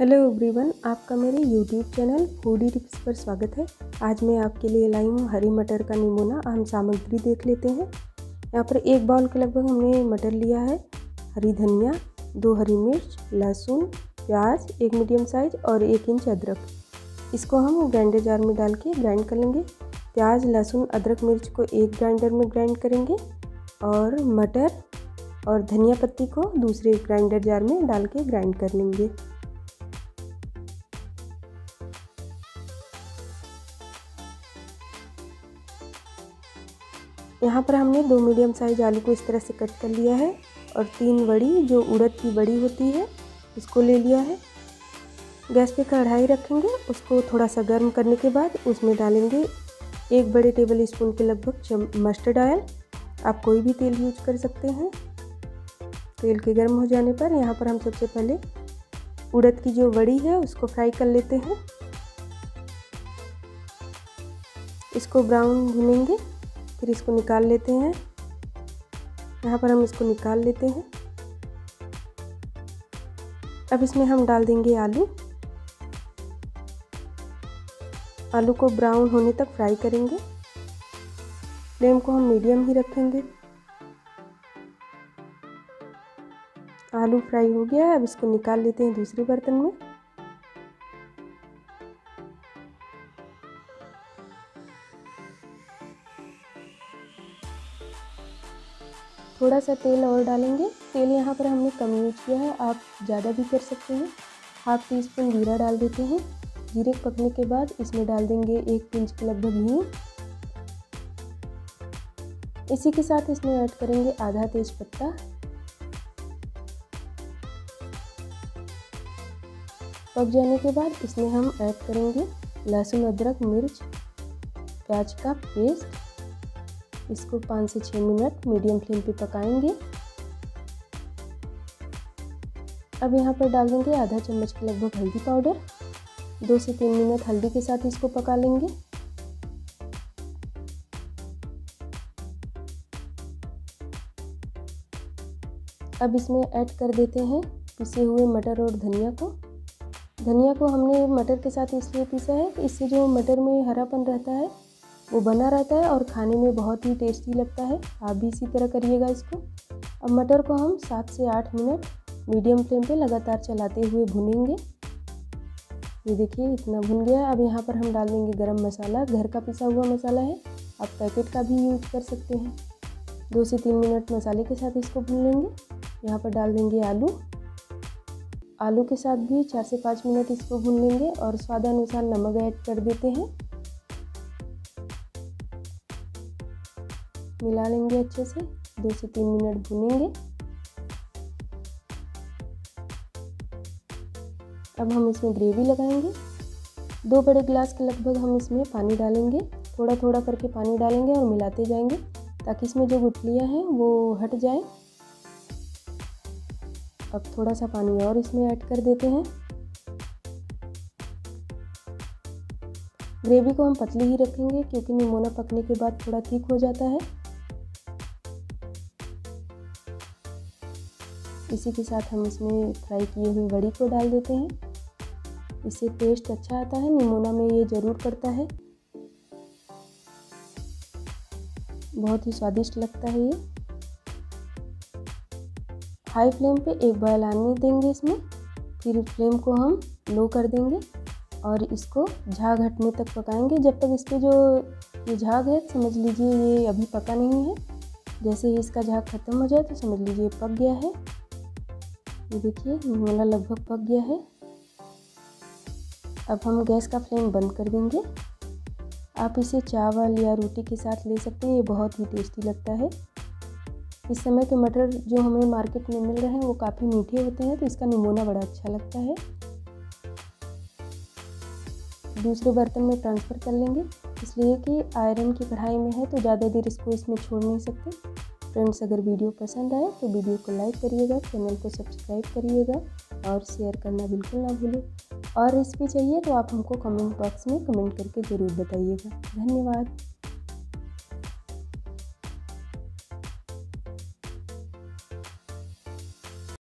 hello everyone आपका मेरे YouTube channel foodie tips पर स्वागत है आज मैं आपके लिए लाई हूँ हरी मटर का निमोना हम सामग्री देख लेते हैं यहाँ पर एक बाउल के लगभग हमने मटर लिया है हरी धनिया दो हरी मिर्च लहसुन प्याज एक मीडियम साइज और एक इंच अदरक इसको हम ग्राइंडर जार में डाल के ग्राइंड कर लेंगे प्याज लहसुन अदरक मिर्च को एक ग्राइंडर में ग्राइंड करेंगे और मटर और धनिया पत्ती को दूसरे ग्राइंडर जार में डाल के ग्राइंड कर लेंगे यहाँ पर हमने दो मीडियम साइज आलू को इस तरह से कट कर लिया है और तीन बड़ी जो उड़द की बड़ी होती है उसको ले लिया है गैस पे कढ़ाई रखेंगे उसको थोड़ा सा गर्म करने के बाद उसमें डालेंगे एक बड़े टेबल स्पून के लगभग मस्टर्ड ऑयल आप कोई भी तेल यूज कर सकते हैं तेल के गर्म हो जाने पर यहाँ पर हम सबसे पहले उड़द की जो बड़ी है उसको फ्राई कर लेते हैं इसको ब्राउन भुनेंगे फिर इसको निकाल लेते हैं यहाँ पर हम इसको निकाल लेते हैं अब इसमें हम डाल देंगे आलू आलू को ब्राउन होने तक फ्राई करेंगे फ्लेम को हम मीडियम ही रखेंगे आलू फ्राई हो गया है अब इसको निकाल लेते हैं दूसरे बर्तन में थोड़ा सा तेल और डालेंगे तेल यहाँ पर हमने कम यूज किया है आप ज़्यादा भी कर सकते हैं हाफ टी स्पून जीरा डाल देते हैं जीरे पकने के बाद इसमें डाल देंगे एक पिंच के लगभग हींग इसी के साथ इसमें ऐड करेंगे आधा तेज पत्ता पक जाने के बाद इसमें हम ऐड करेंगे लहसुन अदरक मिर्च प्याज का पेस्ट इसको पाँच से छः मिनट मीडियम फ्लेम पे पकाएंगे अब यहाँ पर डाल देंगे आधा चम्मच के लगभग हल्दी पाउडर दो से तीन मिनट हल्दी के साथ इसको पका लेंगे अब इसमें ऐड कर देते हैं पिसे हुए मटर और धनिया को धनिया को हमने मटर के साथ इसलिए पीसा है इससे जो मटर में हरापन रहता है वो बना रहता है और खाने में बहुत ही टेस्टी लगता है आप भी इसी तरह करिएगा इसको अब मटर को हम सात से आठ मिनट मीडियम फ्लेम पे लगातार चलाते हुए भुनेंगे ये देखिए इतना भुन गया अब यहाँ पर हम डाल देंगे गरम मसाला घर का पिसा हुआ मसाला है आप पैकेट का भी यूज कर सकते हैं दो से तीन मिनट मसाले के साथ इसको भून लेंगे यहाँ पर डाल देंगे आलू आलू के साथ भी चार से पाँच मिनट इसको भून लेंगे और स्वादानुसार नमक ऐड कर देते हैं मिला लेंगे अच्छे से दो से तीन मिनट भुनेंगे अब हम इसमें ग्रेवी लगाएंगे दो बड़े गिलास के लगभग हम इसमें पानी डालेंगे थोड़ा थोड़ा करके पानी डालेंगे और मिलाते जाएंगे ताकि इसमें जो गुटलियाँ हैं वो हट जाए अब थोड़ा सा पानी और इसमें ऐड कर देते हैं ग्रेवी को हम पतली ही रखेंगे क्योंकि निमोना पकने के बाद थोड़ा ठीक हो जाता है इसी के साथ हम इसमें फ्राई किए हुए बड़ी को डाल देते हैं इससे टेस्ट अच्छा आता है निमोना में ये ज़रूर पड़ता है बहुत ही स्वादिष्ट लगता है ये हाई फ्लेम पे एक बॉयल आने देंगे इसमें फिर फ्लेम को हम लो कर देंगे और इसको झाग हटने तक पकाएंगे जब तक इस पर जो ये झाग है समझ लीजिए ये अभी पका नहीं है जैसे ही इसका झाग ख़त्म हो जाए तो समझ लीजिए पक गया है ये देखिए मेरा लगभग पक गया है अब हम गैस का फ्लेम बंद कर देंगे आप इसे चावल या रोटी के साथ ले सकते हैं ये बहुत ही टेस्टी लगता है इस समय के मटर जो हमें मार्केट में मिल रहे हैं वो काफ़ी मीठे होते हैं तो इसका नमूना बड़ा अच्छा लगता है दूसरे बर्तन में ट्रांसफ़र कर लेंगे इसलिए कि आयरन की कढ़ाई में है तो ज़्यादा देर इसको इसमें छोड़ नहीं सकते फ्रेंड्स अगर वीडियो पसंद आए तो वीडियो को लाइक करिएगा चैनल को सब्सक्राइब करिएगा और शेयर करना बिल्कुल ना भूलें और रेसिपी चाहिए तो आप हमको कमेंट बॉक्स में कमेंट करके ज़रूर बताइएगा धन्यवाद